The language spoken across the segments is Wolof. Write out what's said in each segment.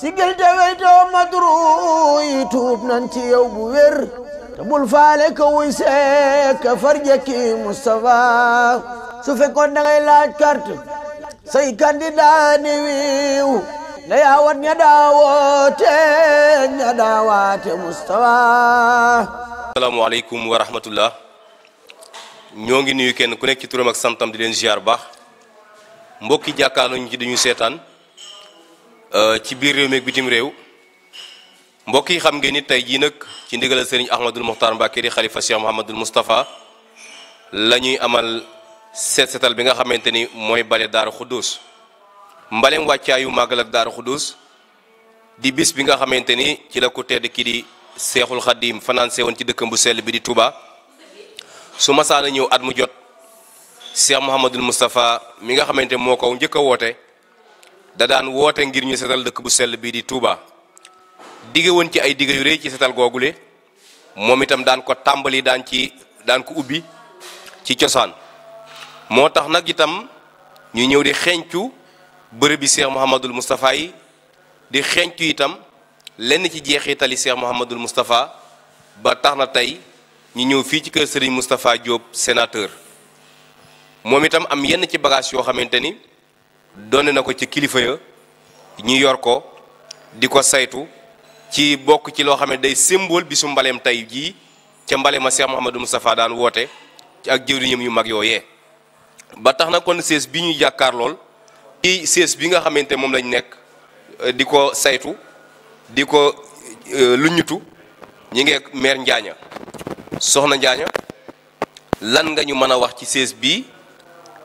sigil te weytoo madru yi nanti yow bu wer te bul faale ka wuy see ka farje ki Moustapha su fekkoon da ngay laaj carte say candidat ni wiiw na yaawat ña daawoote ña daawaate Moustapha asalaamaaleykum wa rahmatullah ñoo nuyu kenn ku nek ci turam ak santam di len ziar bax mbokki jàkkaarloo ñu ci dañu setan Euh, ci biir réew meeg bitim réew mbokk yi xam ngeen ni tey jii nag ci ndigal sëriñ ahmadul Mustafa, mbàkke xalifa cheikh mohamadul la amal set setal bi nga xamante ni mooy bale daara xudduus mbalem wàccaayu màggal ak daara xudduus di bis bi nga xamante ni ci la ko tedd ki di cheikhul xadim fanaan seewoon ci dëkkam bu sell bi di Touba su masaana ñëw at mu jot Cheikh mi nga xamante moo ko njëkk da daan woote ngir ñu setal dëkk bu sell bii di Touba dige woon ci ay dige yu rëy ci setal le moom itam daan ko tàmbali daan ci daan ko ubbi ci cosaan moo tax nag itam ñu ñëw di xeencu bërëb bi Cheikh Mouhamadul Moustapha yi di xencu itam lenn ci jeexitali Cheikh Mouhamadul Moustapha ba tax na tey ñu ñëw fii ci kër Serigne Moustapha Diop sénateur moom itam am yenn ci bagage yoo xamante ni. donn na ko ci kilifa ya ñu yor ko di ko saytu ci bokk ci loo xam ne day symbole bisu mbaleem tey jii ca mbaleema Cheikh Mouhamadou Moustapha daan woote ak jëwriñam yu mag yooye ba tax na kon sées bi ñuy jàkkaar lool ci sées bi nga xamante moom lañ nekk euh, di ko saytu di ko euh, lu ñutu ñi ngeek Njaaña soxna Njaaña lan nga ñu mën a wax ci sées bi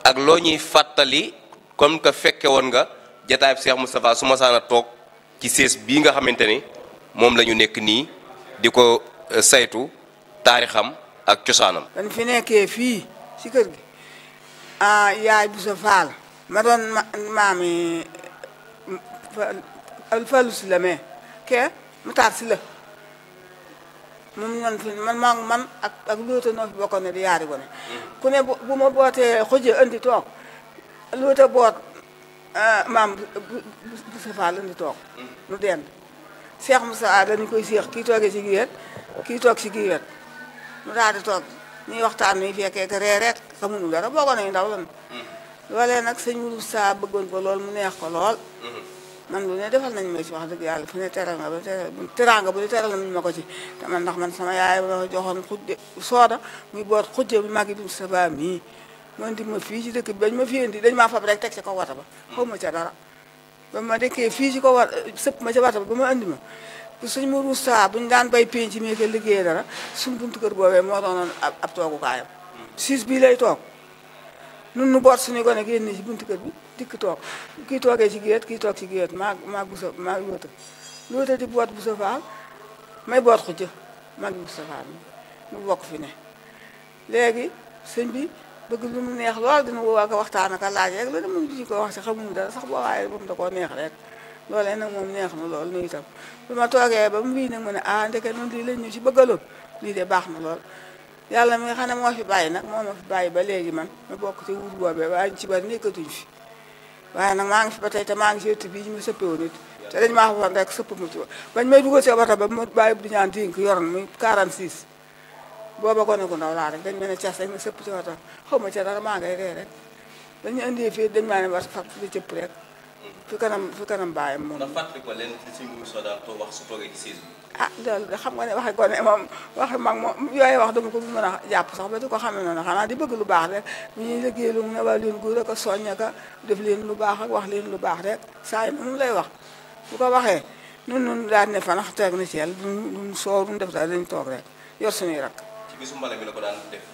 ak loo ñuy fàttali comme que fekke woon nga jataayub Cheikh Moustapha su ma saan toog ci sées bii nga xamante ni moom lañu nekk nii di ko euh, saytu taarixam ak cosaanam. ban fi nekkee fii si kër gi ah yaay Boussa Fall. ma doon maami Fallou si la ke mu taar si la moom man fi man maa man ak ak luuta bokkoon di yaari gone mm. ku ne bu ma bootee xujje andi toog. lu te boot maam bu safaa la ñu toog nu dend Cheikh Moussa dañu koy séex kii toogee ci giwet kii toog ci giwet nu daal di toog ñuy waxtaan nuy fekkee ke ree rek xamuñu dara boogoon nañu ndaw lan loolee nag sëñ Mourou Sa bëggoon ko lool mu neex ko lool man lu ne defal nañ ma ci wax dëgg yàlla fu ne teral nga ba teral teranga bu ne teral nañ ma ko ci te man ndax man sama yaay ma joxoon xujje sooda muy boot xujje bu mag yi bi mu safaa mii ñu andi ma fii ci dëkk bi dañ ma fi indi dañ maa fab rek teg ci ko wata ba xaw ma ca dara ba ma nekkee fii ci ko war sëpp ma ca wata ba ba ma andi ma suñ ma ruus saa buñ daan bay penc mi ko liggéey dara suñ buntu kër boobee moo doonoon ab toogukaayam siis bii lay toog nun nu boot suñu gone génn ci buntu kër bi dikk toog kii toogee ci géet kii toog ci géet maa maa busa maa yóota yóota di boot busa faal may boot xujja maa ngi busa faal nu bokk fi ne léegi sëñ bi bëgg lu mu neex lool dina ko waa waxtaan ak laaj rek la moom duñu ko wax si xamuñu dara sax boo waaye moom da koo neex rek loolee nag moom neex na lool nuyu itam bi ma toogee ba mu wii nag mu ne ah ndeke noonu lii lañ ñu si bëggaloon lii de baax na lool yàlla mi nga xam ne moo fi bàyyi nag moo ma fi bàyyi ba léegi man ma bokk ci wut boobee waaye ñu ci ba nekkatuñ fi waaye nag maa ngi fi ba tey te maa ngi si ëtt bii ñu ma sëppee woon it te dañ maa waxoon rek sëpp mu ci bañ ba ma bàyyi bu ñaan dénk yor na muy 46 booba gone gu ndaw laa rek dañ ma ne cas rek ma sëpp ci oto xaw ma ca dara maa ngay ree rek dañu indi fii dañ maa ne war fat di cëpp rek fi kanam fi mu bàyyam moom. ndax fàttali ko lenn ci suñu wax su toogee ci saison ah loolu de xam nga ne waxe gone moom waxe mag moom yooyu wax dama ko mën a jàpp sax ba di ko xamee noonu xanaa di bëgg lu baax rek bu ñuy liggéey lu a soññ ak a def leen lu baax ak wax liin lu baax rek saa yi moom lay wax bu ko waxee nun nun daan ne fanax toog na ci yàlla duñ duñ soow duñ def daal dañ toog rek yor suñuy rakk bisu mbale bi la ko daan def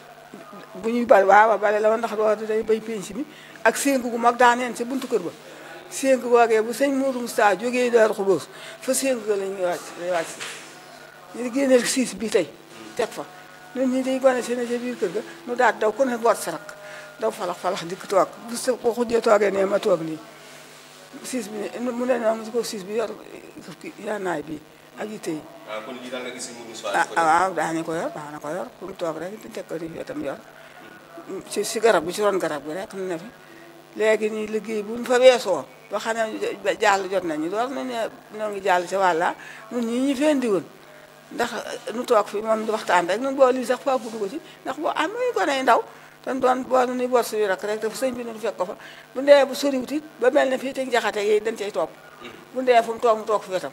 bu ñuy bale waaw bale la woon ndax boo day bay penc mi ak sénku gu mag daaneen si buntu kër ba sénku googee bu sëñ Modou Moustapha jógee Daaru Xubóos fa sénku ga lañuy wàcc lay wàcc si ñu génneel siis bi tey teg fa ñun ñi day gone seen ca biir kër ga nu daat daw ku ne boot sa rak daw falax falax dikk toog bu sa ko xujjee toogee ne ma toog nii siis bi mu ne noonu ko siis bi yor yaa naay bii ak itte yi. waaw kon lii daal nga gis mu Moussa. ah waaw daana ko yor daana ko yor pour toog rek di teg ko di itam yor si si garab bi si ron garab bi rek ne fi léegi nii liggéey bu ñu fa weesoo ba xam ne jàll jot nañu door nañu ne ñoo ngi jàll si wàlla ñun ñii ñu fee ndiwoon ndax nu toog fi moom waxtaan rek ñun boo lii sax faa gudd ko ci ndax boo am muy gone ndaw dañu doon boo nu bor suñu rek rek dafa sëñ bi nu fekk ko fa bu ndee bu soriwutit ba mel ne fii te jaxate yi dañ cay topp bu ndee fu mu toog mu toog fi wetam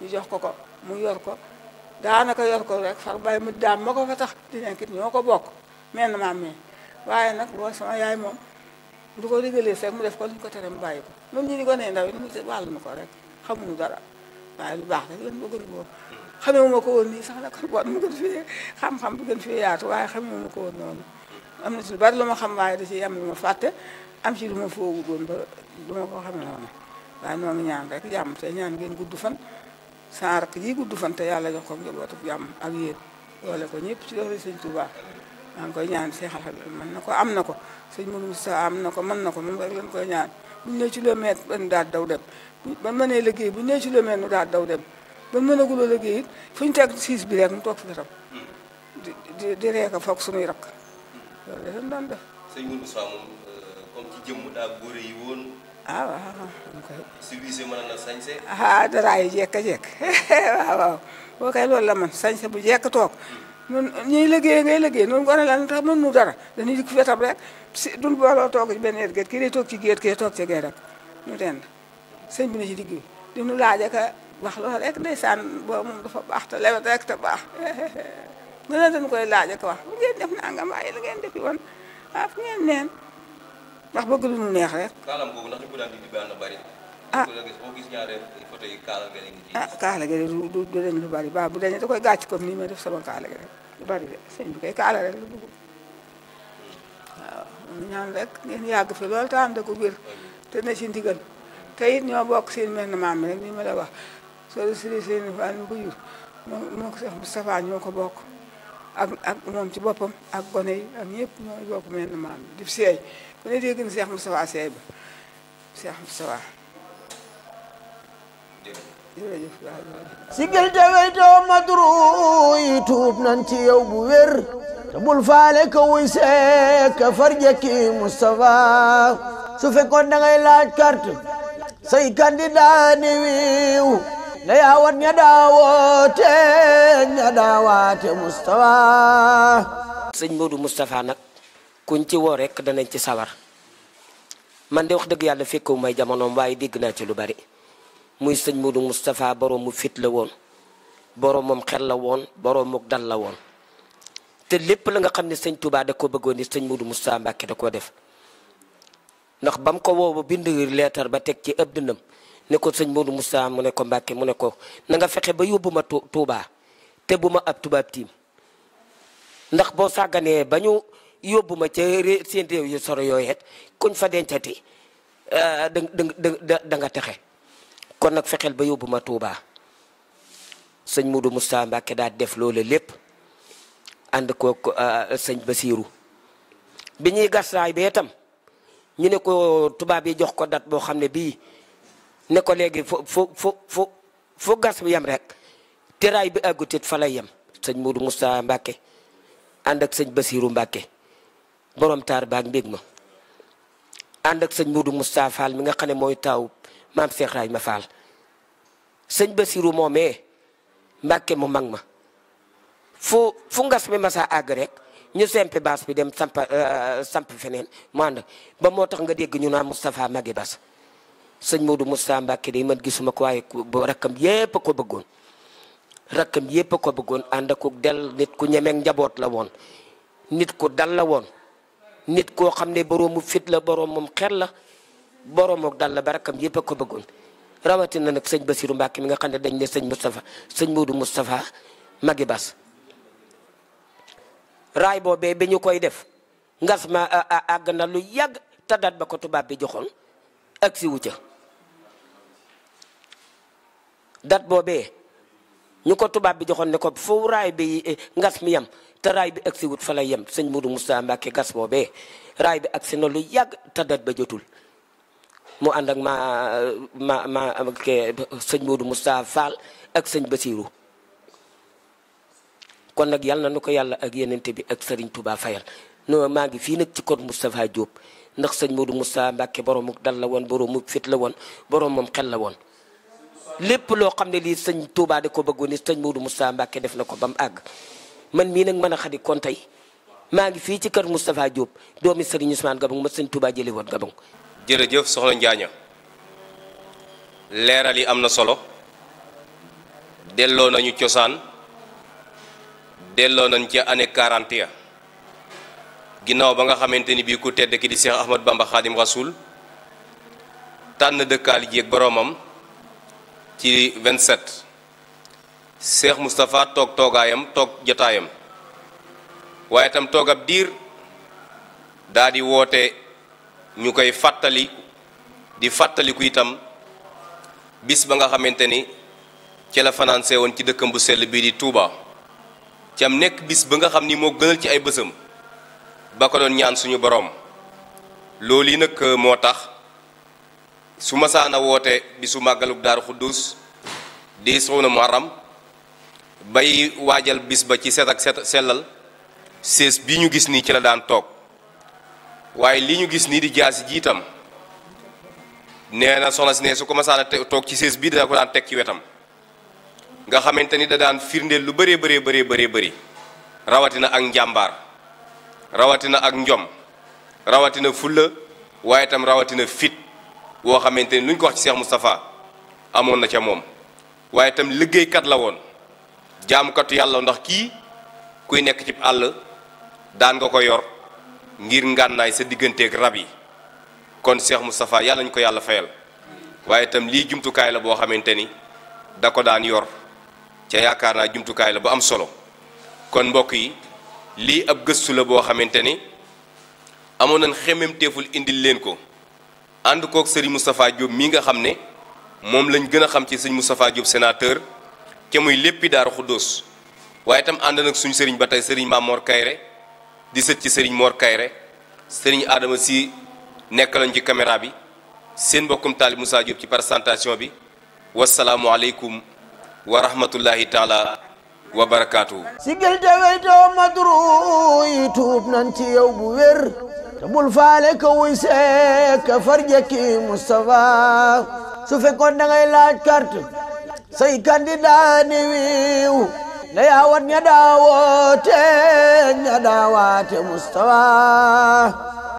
ñu jox ko ko mu yor ko daanaka yor ko rek far bay mu daam ma ko fa tax di nekkit ñoo ko bokk mel na maam mii waaye nag boo sama yaay moom du ko régalee rek mu def ko luñ ko tere mu bàyyi ko même ñi ni gone ndaw yi mu wàllu na ko rek xamuñu dara waaye lu baax rek lan bëgg lu boobu xamewuma ko woon nii sax nag bon mu gën fee xam-xam bu gën fee yaatu waaye xamewuma ko woon noonu am na ci lu bari lu ma xam waaye da ci am lu ma fàtte am ci lu ma foogu doon ba du ma ko xam ne woon waaye noonu ñaan rek jàmm te ñaan ngeen gudd fan sa rakk ji gudd fante yàlla jox ko njabootu jàmm ak yéen boole ko ñëpp ci doole sëñ Tuubaa maa ngi koy ñaan Seex Alxadim mën na ko am na ko sëñ Mourou sa am na ko mën na ko moom rek lañ koy ñaan buñ nee kilomètre ban daal daw dem ban mënee liggéey buñ nee kilomètre nu daal daw dem man mënaguloo liggéey it fu ñu teg siis bi rek mu toog fi tam di di di reeka foog suñuy rakk loolu dañ doon def. sëñ Mourou Moussa ci jëmm daa góore yi woon. ah waaw moom kay. civilisé mën na sañse. ah daraa yu jekk a jekk waaw waaw loolu la man sañse bu jekk toog. ñun ñuy liggéey ngay liggéey noonu gone la tax mën nu dara dañuy dikk rek si duñ booloo toog ci benn géet kii toog ci géet kii toog ci géet rek ñu dend sëñ bi na ci digg bi di nu rek ndeysaan boobu moom dafa baax te lewet rek te baax ñu ne dañ koy laaj ka wax bu ngeen def naa nga mbaa yi la ngeen defi woon ah fu ngeen neen ndax bëgg lu neex rek. kaalam googu ndax li ko daan di baax ah ah kaala gi du du du lu bari ba bu dañu da koy gàcc comme nii ma def sama kaala gi rek lu bari de sëñ bi koy kaala rek lu dugg ñaan rek ngeen yàgg fi loolu te da ko wér te na ci ndigal te it ñoo bokk seen mel na maam rek ni ma la wax soo de sëriñ seen fan ko yur moo ko Moustapha ñoo ko bokk ak ak ci boppam ak gone yi ak ñëpp ñoo bokk mel ni maam di seey ku ne dégg na Cheikh Moustapha seey ba Cheikh Moustapha jërëjëf sigil te weytoo madru yi tuub nan ci yow bu wér te bul faale ka wuy seek ka farjëkki Moustapha su fekkoon da ngay laaj carte say candidat ni wiiw na yaawat ña daawoote ña daawaate Moustapha. sëñ Modou Moustapha nag kuñ ci woo rek danañ ci sawar man de wax dëgg yàlla fekkewu may jamonoom waaye dégg naa ci lu bari muy sëñ Modou Moustapha borom mu fit la woon borom moom xel la woon borom mu dal la woon. te lépp la nga xam ne sëñ Touba da ko bëggoon ni sëñ Modou Moustapha Mbacke da koo def ndax bam ko woo ba bind leetar ba teg ci ëpp dënam ne ko sëñ Modou Moussa mu ne ko mu ne ko nanga nga fexe ba yóbbu ma Touba te bu ma ab tubaab tiim ndax boo sàgganee ba ñu yóbbu ma ca seen réew yu soro yooyeet kuñ fa dencati euh, da da texe kon nag fexeel ba yóbbu ma Touba sëñ Modou Moussa Mbàkke daal def loole lépp ànd kook euh, sëñ Basiiru bi ñuy gasaay bee tam ñu ne ko tubaab yi jox ko dat boo xam ne bii ni ko léegi fo fu fu fu fo gas bi yem rek teraay bi àggutit fa lay yem sëñ Modou Moustapha Mbacke ànd ak sëñ Basirou Mbacke borom taar baag mbég ma ànd ak sëñ Modou Moustapha Fall mi nga xam ne mooy taaw maam Cheikh Rahima Fall sëñ Basirou moomee Mbacke mu mag ma fu fu ngas mi masa àgg rek ñu sempi baas bi dem samp euh, samp feneen mu ànd ba moo tax nga dégg ñu naan Moustapha Maggi Bass sëñ Modou Moussa Mbacke day ma gisuma ko waaye rakkam yépp a ko bëggoon rakkam yépp a ko bëggoon ànd ak del nit ku ñemeeg njaboot la woon nit ku dal la woon nit koo xam ne boroomu fit la boroomum xel la boroom ak dal la ba rakkam yépp a ko bëggoon rawatina nag sëñ Basirou Mbacke mi nga xam ne dañ ne sëñ Moustapha sëñ Modou Moustapha magi bas raay boobee bi ñu koy def ngas ma àgg na lu yàgg taddaat ba ko tubaab bi joxoon ak si wu ca date boobee ñu ko tubaab bi joxoon ne ko foofu raay bi eh, ngas mi yem te raay bi agsi wut fa lay yem sëñ Modou Moustapha Mbacké gas boobee raay bi ak na lu yàgg te date ba jotul mu ànd ak ma ma ma ak sëñ Basirou kon nag yàlla na ko yàlla ak yenente bi ak Serigne Touba fayal no maa ngi fii nag ci kër Moustapha Diop ndax sëñ Modou Moustapha Mbacké boromuk dal la woon boromuk fit la woon moom xel la woon lépp loo xam ne lii sëñ Touba de ko bëggoon ni sëñ Modou Moustapha Mbacké def na ko ba mu àgg man mii nag mën a xadi kon tey maa ngi fii ci kër Moustapha Diop doomi Serigne Ousmane Gabon ma sëñ Touba jëlee woon Gabon. jërëjëf soxna Njaaña leeral yi am na solo delloo nañu cosaan delloo nañ ca année 40 ya ginnaaw ba nga xamante ni bii ku tedd ki di Cheikh Ahmad Bamba Khadim Rasoul tànn dëkkaal ji ak boromam. ci 27 Cheikh Moustapha toog toogaayam toog jotaayam waaye itam toog ab diir daa woote ñu koy fàttali di fàttaliku itam bis ba nga xamante ni ci la fanaanse woon ci dëkkam bu sell bii di Touba ci nekk bis ba nga xam ni moo gënal ci ay bësam ba ko doon ñaan suñu boroom loolu yi nag moo tax su masaana woote bisu màggalug daar xuddus di suuna muharram bay waajal bis ba ci set ak set sellal sées bi ñu gis nii ci la daan toog waaye li ñu gis nii di jaasi jiitam nee na soxna si ne su ko masaana toog ci sées bi dana ko daan teg ci wetam nga xamante ni da daan firndeel lu bëree bëree bëree bëree bëri rawatina ak njàmbaar rawatina ak njom rawatina fulla waaye itam rawatina fit boo xamante ni lu ñu ko wax ci Cheikh Moustapha amoon na ca moom waaye itam liggéeykat la woon jaamukatu yàlla ndax kii kuy nekk ci àll daan nga ko yor ngir ngànnaay sa digganteek rab yi kon Cheikh Moustapha yàlla ñu ko yàlla fayal waaye itam lii jumtukaay la boo xamante ni da ko daan yor ca yaakaar naa jumtukaay la bu am solo kon mbokk yi lii ab gëstu la boo xamante ni amoon nañ xemmemteeful indil leen ko ànd kook sëriñ Moustapha Diop mii nga xam ne moom lañ gën a xam ci sëñ Moustapha Diop sénateur ca muy léppi Daaru Xuddoos waaye itam ànd nag suñ sëriñ ba tey sëriñ Maam Mor Kayre di sët ci sëriñ Mor Kayre sëriñ Adama si nekk nekkaloon ci caméra bi seen mbokkum taalib Moussa Diop ci présentation bi wasalaamualeykum wa rahmatullahi taala wa barakaatu. sigil te weytoo madru yi tuub nan ci yow bu wér. te bul faale ka wuy see farje ki Moustapha su fekkoon da ngay laaj carte say candidat ni yaa wat ña daawoote ña daawaate Moustapha